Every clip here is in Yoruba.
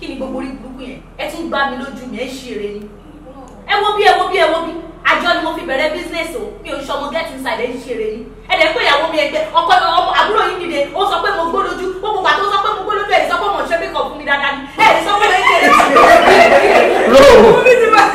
kí ni gbogbo orí burúkú yẹn ẹ tún gbá mi lójú mi ẹ ṣeré ni ẹ wo bí ẹ wo bí ẹ wo bí àjọ ni mo fi bẹ̀rẹ̀ business o mi ò ń ṣọmọ get inside ẹ ṣeré ni ẹ dẹ̀ pé ìyàwó mi ẹgbẹ́ ọkọ ọmọ àbúrò yìí dìde ó sọ pé mo gbó lójú ó kò pàtó sọ pé mo gbó lójú ẹ̀ sọ pé mo ṣe makeup fún mi dáadáa ni ẹ̀ sọ pé mo ṣeré.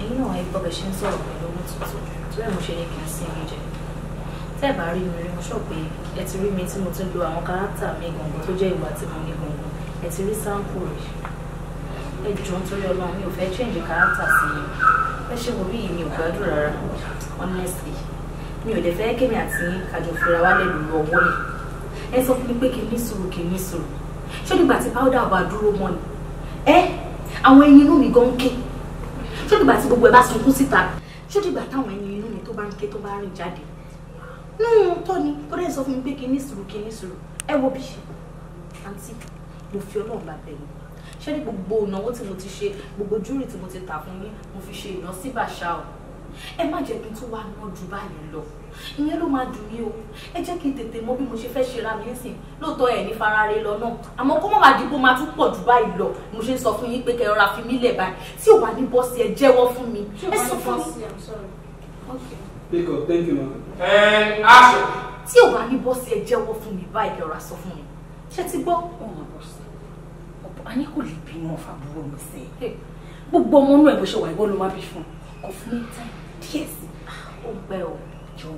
ẹ̀yin náà ẹ gbọ́ bẹ̀ ṣe ń sọ̀rọ̀ pẹ̀lú owó tuntun tó ẹ̀ mo ṣe ní kí n sin yín jẹ tẹ́ ẹ̀ bá rí mi rí mo sọ pé ẹ ti rí mi tí mo ti lo àwọn kárátà mi gbọ̀ngàn tó jẹ́ ìwà tí mo ní gbọ̀ngàn ẹ ti rí sáǹpù rẹ̀ ẹ jọ nítorí ọlọ́run mi ò fẹ́ change kárátà sí i ẹ ṣe wò bí mi ò gbádùn rárá honestly mi ò dẹ̀ fẹ́ kémi àti àjọ fúnra wálé lùlù ọwọ́ yìí ẹ sọ fún mi pé kí ní sùúrù kí ní sùúrù ṣé nígbà tí powder bá dúró mọ́ ni ẹ àwọn ẹyin inú mi gan ń ké ṣé dìgbà tí gbogbo ẹ bá sunkún síta ṣé dìgbà táwọn ẹni inú mi tó bá ń ké tó bá rìn jáde nínú tọ́ ni kó dẹ́ sọ fún mi pé kí ní sùúrù kí ní sùúrù ẹ wo bí ṣe àǹtí mo fi ọlọ́run bá bẹ̀ yín ṣé ní gbogbo ìnáwó tí mo ti ṣe gbogbo júrì tí mo ti tà fún yín mo fi ṣe ìná sí o ẹ má jẹ́ kí n tún wá ná ju báyìí lọ ìyẹn ló máa dùn mí o ẹ jẹ́ kí n tètè mọ bí mo ṣe fẹ́ ṣe ra mi nísìn lóòótọ́ ẹ̀ ní farare lọ náà àmọ́ kó má wàá di kó máa tún pọ̀ ju báyìí lọ mo ṣe ń sọ fún yín pé kẹ́ fi mí lẹ̀ báyìí tí ò bá ní bọ́ọ̀sì ẹ jẹ́wọ́ fún mi ẹ sọ fún mi. you ma. ẹ ẹ aṣọ. tí ò bá ní bọ́ọ̀sì ẹ jẹ́wọ́ fún mi báyìí kẹ́ sọ fún mi ṣe ti gbọ́. ọmọ bọ́ọ̀sì kò lè bímọ fàbúrò mi sẹ́yìn gbogbo ọmọ inú ẹ̀ bó ṣe wà ìwọ Yes. Ah, ó pẹ́ o, jọ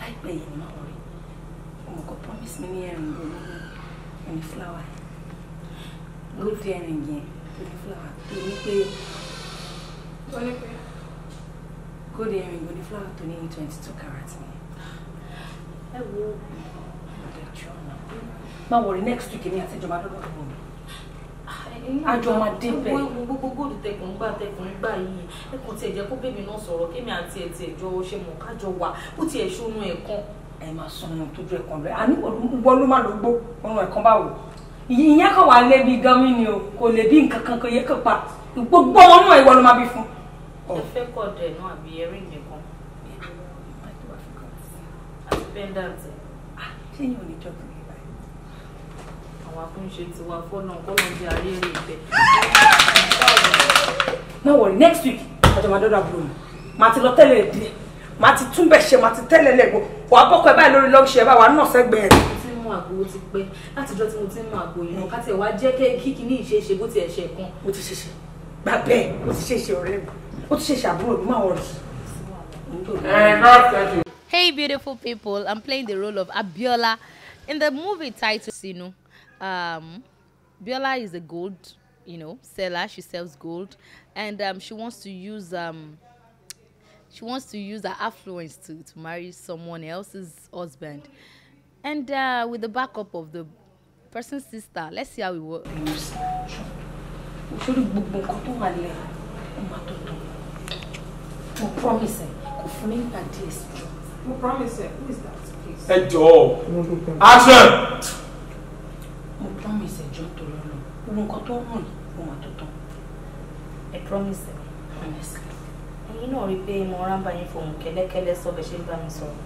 láìpẹ́ yìí ni máa wọlé. Ọmọ kan promise mi ní ẹ̀rìn ló ní ẹni fúláwà. Gold ẹ̀rìn yẹn ẹni fúláwà tó ní pé. Wọ́n ní pé. Gold ẹ̀rìn ló ní fúláwà tó ní twenty two carat ni. Ẹ wo ọ̀dẹ̀ jọ̀ọ́ náà. Máa wọlé next week èmi àti ìjọba lọ́dọ̀ ọ̀dọ̀ mi àjọ máa dé bẹ́ẹ̀. gbogbo tẹkùn gbà gbà yìí ẹkùn tiẹ̀ jẹ́ kó bèbí náà sọ̀rọ̀ kémi àti ẹ̀ tiẹ̀ jọ ṣe mọ̀ kájọ wà ó tiẹ̀ ṣónú ẹ̀kan. ẹ máa sọnù tójú ẹ̀kan rẹ àní wọ́n má ló gbó ọrùn ẹ̀kan báwo. ìyẹn kan wà lébi gami ni o kò lè bí nǹkan kan kan yẹ kó pa gbogbo ọmọ náà ìwọ ló má bí fún. ẹ fẹ́ kọ̀ dẹ̀ náà àbí ẹrí nìkan àti pẹ́ńdàntì. Ah, ṣé àwọn akúnṣe tiwa fọ́nà kọ́lọ́ọ̀dì ayé rè bẹ̀. no worry next week ọjọ́ àbúrò mi màá ti lọ tẹ́lẹ̀ ẹ̀ díẹ̀ ti túnbẹ̀ ṣe màá ti tẹ́lẹ̀ lẹ́gbọ̀ wàá bọ́kọ̀ ẹ báyìí lórí lọ́ọ̀ṣì ẹ báyìí wàá nà sẹ́gbẹ̀ẹ́ rẹ̀ àgbo ó ti pẹ́ láti jọ tí mo ti ń mu àgbo yìí ká tiẹ̀ wá jẹ́ kéèkì ní ìṣeéṣe bó ti ẹ̀ ṣe kan. mo ti ṣeṣe gba bẹ́ẹ̀ mo ti ṣeṣe ọ̀rẹ́ mi mo ti ṣeṣe àbúrò mi máa wọlé. Eh, hey beautiful people, I'm playing the role of Abiola in the movie titled Sinu. Um, Biola is a gold, you know, seller. She sells gold, and um, she wants to use um, she wants to use her affluence to, to marry someone else's husband, and uh, with the backup of the person's sister. Let's see how it works. sórí promise ẹ kò promise ẹ who is that please. ẹ jọ̀ọ́ action. ìjọ ẹ promise mi honestly ẹ̀yin náà rí i pé mo rán bá yín fohùn kẹ́lẹ́kẹ́lẹ́ sọ bẹ ṣe ń bá mi sọ̀rọ̀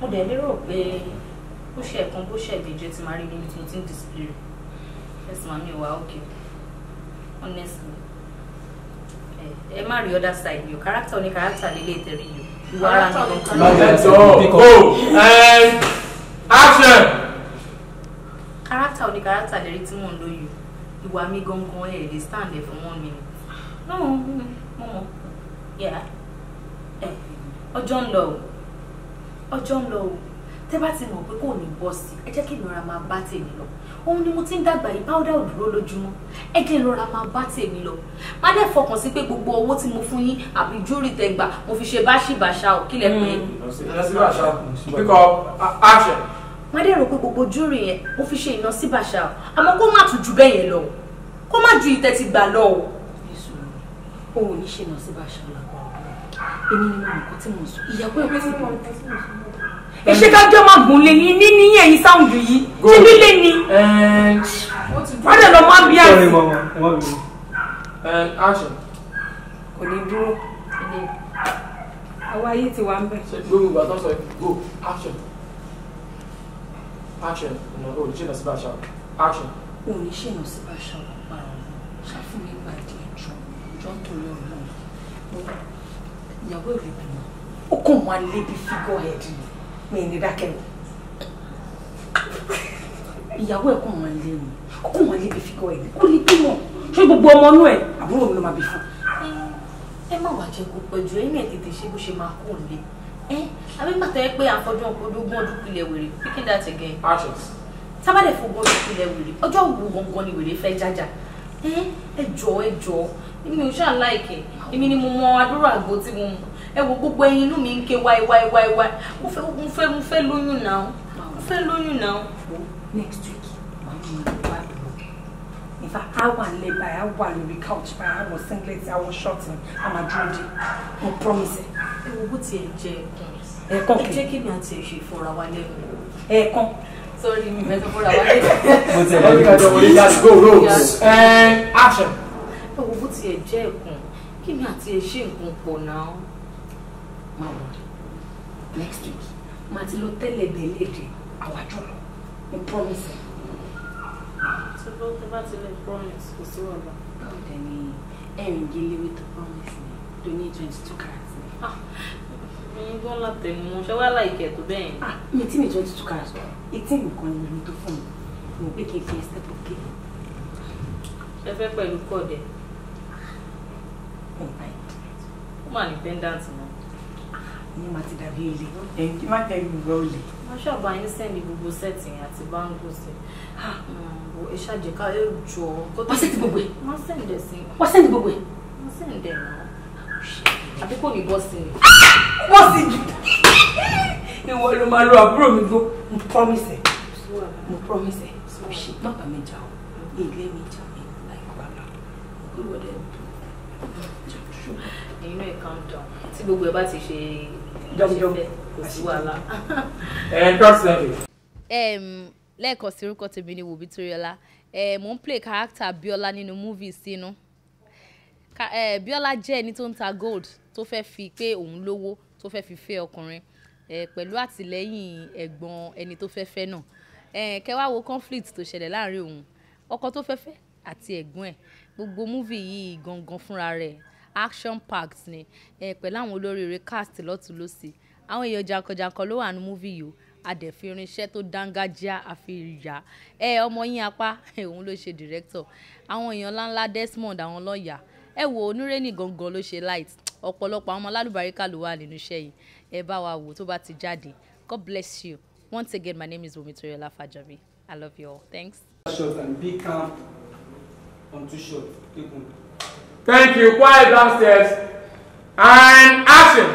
mo dẹ̀ lérò pé bó ṣe ẹ̀kan bó ṣe ìbejì ti máa rí mi tí mo ti ń display yes ma mi wà okay honestly ẹ má rí other side yìí o character ni character lílé ìtẹ̀rí yìí o ìwà ara nìkan. lọ́jọ́ tó o action ní kárátà lẹ́rí tí mò ń lò yìí ìwà mi gangan ẹ̀ lè stand ẹ̀ fún one minute. no mo mọ ọjọ́ ń lọ o ọjọ́ ń lọ o tẹ́ bá ti mọ̀ pé kò ní bọ́ sí ẹ jẹ́ kí ìnira máa bá tèmi lọ òun ni mo ti ń dàgbà yìí báwọ́dà ò dúró lójúmọ́ ẹ jẹ́ ìrora máa bá tèmi lọ má dẹ̀ fọkàn sí pé gbogbo owó tí mo fún yín àbí júrì tẹgbà mo fi ṣe báṣìbàṣà ò kílẹ̀ pé. Hmm. lọ sí bàṣà bíkọ àṣẹ má dẹ̀ rò pé gbogbo júrì yẹn ó fi ṣe iná sí bàṣà o àmọ́ kó má tún ju bẹ́ẹ̀ yẹn lọ kó má ju ìtẹ́ ti gbà lọ o. èso o ò ní ṣe iná sí bàṣà làkọ èmi ni mo nǹkan tí mo sọ ìyàwó ẹ̀ pẹ́sì mọ́ ẹ ṣe ká jọ́ máa gùn lé ní ní ní ẹ̀yìn sáwùndù yìí ṣé líle ni wọ́n dẹ̀ lọ máa bí àìsí. kò ní dúró àwa yìí ti wà ń bẹ̀. gbogbo ìgbà tó sọ go action action ọ̀nà ò ní ṣìnà sí action. o ò ní ṣìnà sí bàṣà ọ̀pá ọ̀hún ṣàfihàn ìgbà díẹ̀ jọ jọ torí ọ̀nà ìyàwó ìlú bímọ ó kàn wá lébi me head ni mi ní dákẹ́ o ìyàwó ẹ̀ kàn wá lé mi ó kàn wá lébi figure head kó lè bímọ ṣé gbogbo ọmọ inú ẹ̀ àbúrò mi ló máa bí fún. ẹ má wàá jẹ kó pẹ́ ju ẹ̀yìn ẹ̀ tètè ṣe bó ṣe máa kó ẹ eh, abígbàtà ẹ pé àfọjú ogún ọdún pilẹ̀ wèrè picking that again. actions. sábàdẹ̀ fogún ọdún pilẹ̀ wèrè ọjọ́ wo gangan ni wèrè fẹ́ jájà eh, ẹ jọ ẹ jọ èmi ò ṣáà láìkẹ èmi ni mo mọ àdúrà àgbo tí mo mọ ẹ wo gbogbo ẹyin inú mi ń ké wáí wáí wáí wáí mo fẹ́ mo fẹ́ mo fẹ́ lóyún náà mo fẹ́ lóyún náà. next week màá mú un wá in fact a wà lẹ́bàá a wà lórí couch báyìí I wọ singlet a wọ short a I'm a dé I promise. it ewu bó tiẹ̀ jẹ ẹ̀kan kì í jẹ́ kí ni àti ẹ̀ṣẹ̀ ìfọ̀rọ̀ wa lẹ́nu ẹ̀kan. sọ́ọ́rì mi mẹ́tọ́ fọ́ra wa lẹ́nu. mo ti ẹ̀rọ nípa ìjọba orí yàtí go roads. action. ewu bó tiẹ̀ jẹ́ ẹ̀kan kí ni àti ẹ̀ṣẹ̀ nǹkan pọ̀ náà. máa wọ next week máa ti lọ tẹ́lẹ̀ bẹ́ẹ̀ àwájọ lọ mo promise. tó bá tó bá ti promise kò sí wàhálà. báwo dẹ̀ ni ẹ̀rìn gílé with the promise ni tó ní twenty two carat ẹyin ah, gbọ́n láti mú ṣé wàá láìkẹ́ tó bẹ́ẹ̀. Ah, mi tí mi twenty two carat eighteen nìkan ni mo tó fún mi mo gbé kí n fi ẹsẹ̀ tó ké. ṣe fẹ́ pẹ̀lú kọ́ọ̀dẹ̀. ó mà ní pendant mọ́. Ah, ìyẹn máa ti dàbí ilé ẹ̀yìn kí má jẹ́ ìgbà olè. wọ́n ṣàbà yín sẹ́ni gbogbo sẹ́ẹ̀tì àti báńgòsì ẹ ṣàjẹká ẹ jọ. wọ́n sẹ́ni gbogbo ẹ̀. wọ́n sẹ́ni dẹ̀ sí. wọ́n sẹ́ni gbogbo ẹ̀. wọ́n sẹ́ni dẹ̀ náà àbí kò ní bọ́ sí mi. bọ́ sí jù ìwọ ló máa lo àbúrò mi gbó mo promise ẹ mo promise ẹ mo ṣe bàbá mi jà ó ilé mi jà mí láìpàlà olùwọ́dẹ inú ẹ̀ calm down tí gbogbo ẹ bá ti ṣe jọmjọm kò sí wàhálà. ẹ trust me. lẹ́ẹ̀kan sí orúkọ tèmi ni wòbí toríọlá mò ń play character biola nínú movie sínú biola jẹ́ ẹni tó ń ta gold tó fẹ́ fi pé òun lówó tó fẹ́ fi fẹ́ ọkùnrin pẹ̀lú àtìlẹ́yìn ẹ̀gbọ́n ẹni tó fẹ́ fẹ́ náà kẹwàá wo conflict tó ṣẹlẹ̀ láàrin òun ọkọ tó fẹ́ fẹ́ àti ẹ̀gbọ́n ẹ̀ gbogbo múvì yìí gangan fúnra rẹ̀ action packed ni ẹ pẹ̀lú àwọn olóríire cast lọ́tùlọ́sì àwọn èèyàn jàǹkànjàǹkàn ló wà ní múvì yìí o adẹ̀fin irinṣẹ́ tó dángájíá àfihàn ẹ ọmọ yín apá òun ló ṣe director àwọn èèyàn ńláńlá Desmond àwọn lọ́ọ̀yà ẹ wo onírẹ́nì gangan ló ṣe light ọ̀pọ̀lọpọ̀ àwọn ọmọ alálùbáríkà nínú iṣẹ́ yìí ẹ bá wa wò tó bá ti jáde God bless you once again my name is Wumi Toriola Fajobi I love you all thanks. thank you quiet downstairs and action.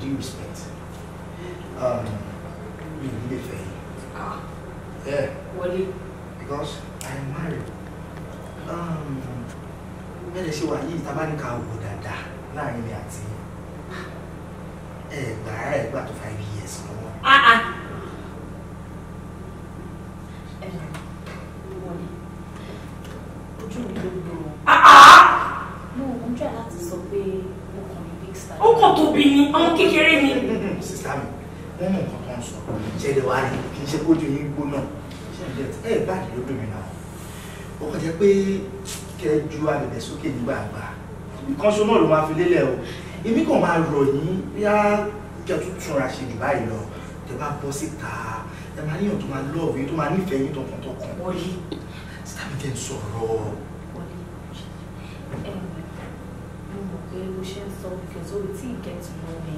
due respect um, we need a ah. yeah. wọlé. because. bẹ́ẹ̀ ṣe wà yìí tábánikà wò dáadáa láàrin mi àti ẹgbà ara ẹgbà tó five years lọ́wọ́. Ah, ah. ojú mi ló gbọ́ ah, mo ò ń jà láti sọ pé mo kàn ní big star. ó kàn tóbi ni ọmọ kékeré ni. sísá mi wọ́n mú nǹkan kan sọ ṣẹlẹ̀ wá rí kì í ṣe kójú yín gbóná ṣẹlẹ̀ ẹ̀ bá àdìyẹ lómi náà ó kàn jẹ́ pé kẹ́ ju abẹ̀bẹ̀ sókè nígbà àgbà nǹkan ṣo náà ló máa fi lélẹ̀ o èmi kàn máa rọ̀ yín yá kẹ́ tún túnra ṣe jù báyìí lọ tẹ́ bá bọ́ síta ẹ máa níyàn tó máa lọ́ọ̀bù yín tó máa nífẹ̀ẹ́ yín tọkàntọkàn wọ́n yí sítábì tẹ́ ń sọ̀rọ̀. mo mọ̀ pé mo ṣe ń sọ because orí tí ìkẹ́ ti mọ mi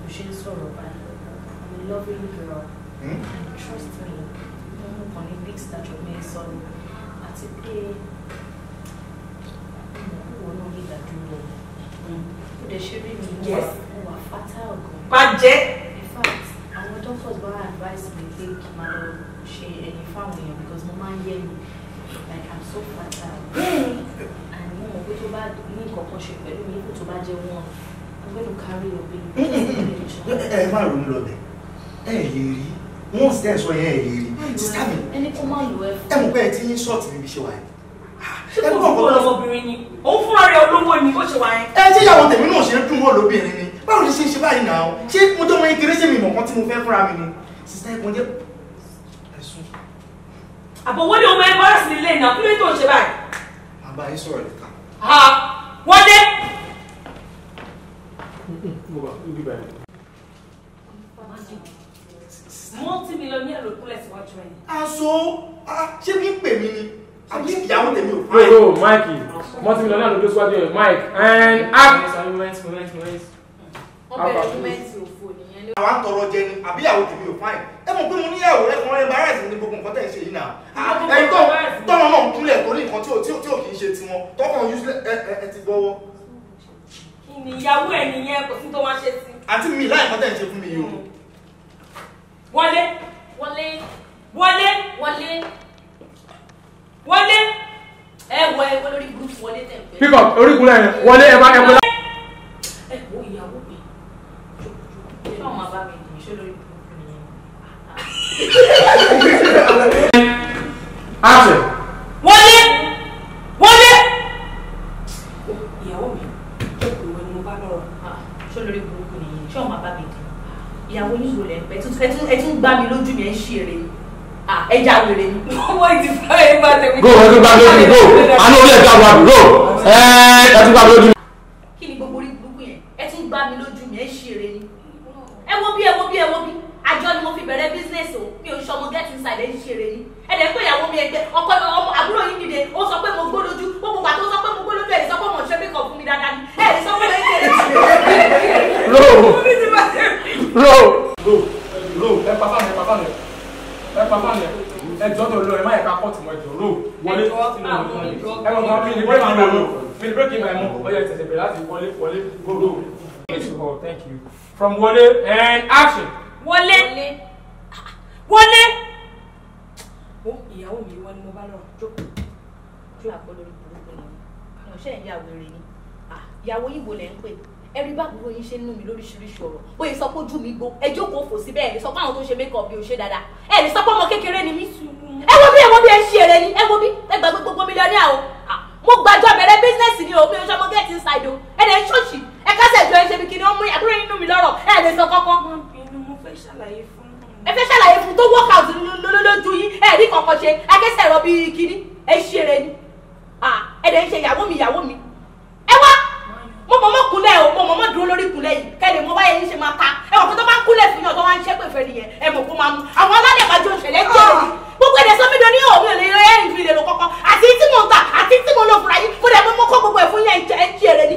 mo ṣe ń sọ̀rọ̀ báyìí I'm a loving girl hmm? and trust me mo mọ̀ kàn ní big statue mi sọ ni àti pé ìdádúró ó dẹ̀ ṣe rí mi mo wà fatal gan. bàjẹ́. in fact àwọn doctors bá advice me pé kí n máa lọ ṣe ẹ̀yìn fáwọn èèyàn because mo máa ń yẹ mi like i'm so fatal. Hmm. and mo mọ̀ pé tó bá ní kankan ṣe pẹ̀lú mi kó tó bá jẹ́ wọn i'm going to carry your baby. Hmm, hmm, ẹ má ronú lọ bẹ ẹ lè rí wọn ò sí ẹ sọ yẹn ẹ lè rí sísá mi ẹ mọ̀ pé ẹ ti ní ṣọ́ọ̀tì níbi ṣe wà ṣé kò ṣe wá yẹn. náà ṣe ń dùn wọ́n lóbìnrin ni báwo ṣe ń ṣe báyìí náà ṣé mo jẹ́ ọmọ yín mi mọ̀ tí mo fẹ́ fúnra mi ni sísá ẹ̀kọ́ jẹ́ ẹ̀sùn. àbọ̀wọ́ ni ọmọ ẹgbẹ́ ọ̀sìn ilé ìnà kí ló tó ṣe báyìí. àbá yín sọ̀rọ̀ ìka. ha wọlé. multi millionaire ló kúlẹ̀ síwájú ẹ̀. aṣọ ṣé kí n pè mí ni ìyàwó tèmi ò fún ẹ. yóò Mike mọ́tí mi lọ ní àlọ́ lóṣù wájú ẹ̀ Mike and act. àwọn tọrọ jẹ ni àbí ìyàwó tèmi ò fún ẹ ẹ mọ̀ pé mo níyàwó ẹ kàn ẹ bá rẹ̀ sí ní gbogbo nǹkan tẹ̀ ń ṣe yìí náà ah, ẹni tó tọ́nà náà ń kúnlẹ̀ torí nǹkan tí ò kì í ṣe tiwọn tọkàn ẹ ti gbọ́wọ́. ìyàwó ẹ nìyẹn kò sí tó máa ṣe sí. àti mi láì kọ́ tẹ̀ ń ṣe fún mi yìí o. wọlé wọlé wọlé wọlé wọlé ẹ wọ ẹ wọ lórí burúkú wọlé tẹ̀ pẹ́. pípọ̀ orí kulẹ̀ yẹn wọlé ẹ bá ẹ wọlé. ẹ wo ìyàwó mi ṣé wọn máa bá mi dì í ṣé lórí burúkú nìyẹn. àṣẹ. wọlé wọlé. ìyàwó mi tó kù wẹ ni mo bá lọ́rọ̀ ṣé lórí burúkú nìyẹn ṣé wọn máa bá mi dì í ìyàwó yín wò lẹ́ pẹ́ ẹ tún gbá mi lójú mi ẹ ń ṣe eré. Ah, ẹja wèrè ni. ọmọ ìdìbò ẹ bá tẹ̀wé. go ẹ tún gbà lójú go àná orí ẹja wà go ẹ ẹ tún gbà lójú. kí ni gbogbo orí burúkú yẹn ẹ tún gbà mí lójú mi ẹ ṣe eré ni. ẹ wo bí ẹ wo bí ẹ wo bí àjọ ni mo fi bẹ̀rẹ̀ bísínẹ́sì o mi ò ṣe get inside ẹ ṣe eré ni. ẹ dẹ̀ pé ìyàwó mi ẹgbẹ́ ọkọ ọmọ àbúrò yìí nìde ó sọ pé mo gbó lójú gbogbo wa sọ pé mo gbó lójú ẹ̀wọ̀n kan mi bírèkì máa mú mi bírèkì máa mú ọyọ ìtẹ̀sẹ̀ bẹ̀rẹ̀ láti wọlé wọlé gbogbo. Oh, thank you from wọlé and action. wọlé wọlé. ìyàwó mi wọ́n ni mo bá lọ́rùn jókòó ojú àgbọ̀lọ̀ ìgbòho ni àwọn ṣẹ́ ìyá wèrè ni ah, ìyàwó yìnbó lẹ́ ń pè ẹ̀rí bá gbogbo yín ṣe ń nù mí lóríṣiríṣi ọ̀rọ̀ ó yẹ sọ pé ojú mi gbó ẹjọ́ kò fò síbẹ̀ ẹ̀ lè sọ pé àwọn tó ń ṣe mékọ̀ọ́ bí o ṣe dáadáa ẹ̀ lè sọ pé ọmọ kékeré ni mí ẹ wọ́n bí ẹ ṣe èrè ni ẹ wo bí ẹ gbàgbé gbogbo mílíọ̀nì àwọn ah, mo gbàjọ bẹ̀rẹ̀ bísínẹ́sì ni o mi ò ṣọmọ gẹ́ẹ̀tì ṣáìdì o ẹ lè ṣọ́ọ̀ṣì ẹ kásẹ̀ jọ ẹ ṣe bí kìnìún ọmọ àbúrò inú mi lọ́rọ̀ ẹ lè sọ kọ́kọ́. ẹ fẹ́ ṣàlàyé fún tó work out lójú yín ẹ rí kankan ṣe akẹ́sẹ̀ rọ bí kìnìún ẹ ṣe èrè ni ah, ẹ lè ṣe ìyàwó mi ìyàwó mi mọ mọ kúnlẹ̀ o mọ mọ mọ dúró lórí kúnlẹ̀ yìí kẹ́lẹ̀ mọ báyẹn ń ṣe máa ta ẹ wà pé tó bá fún yàn tó wá ń ṣẹ́ pèfẹ́ nìyẹn ẹ mọ̀ kó máa mú àwọn aládẹ̀bàjọ ìṣẹ̀lẹ̀ jẹ́ èyí gbogbo èdè sọ́mi doni yóò mi ò lè rẹ́ ìrìn lè lò kọ́kọ́ àti tí mo ta àti tí mo lò fúnra yìí mo dẹ̀ gbogbo ẹ̀ fún yẹn ẹ̀ ń jẹ́ ni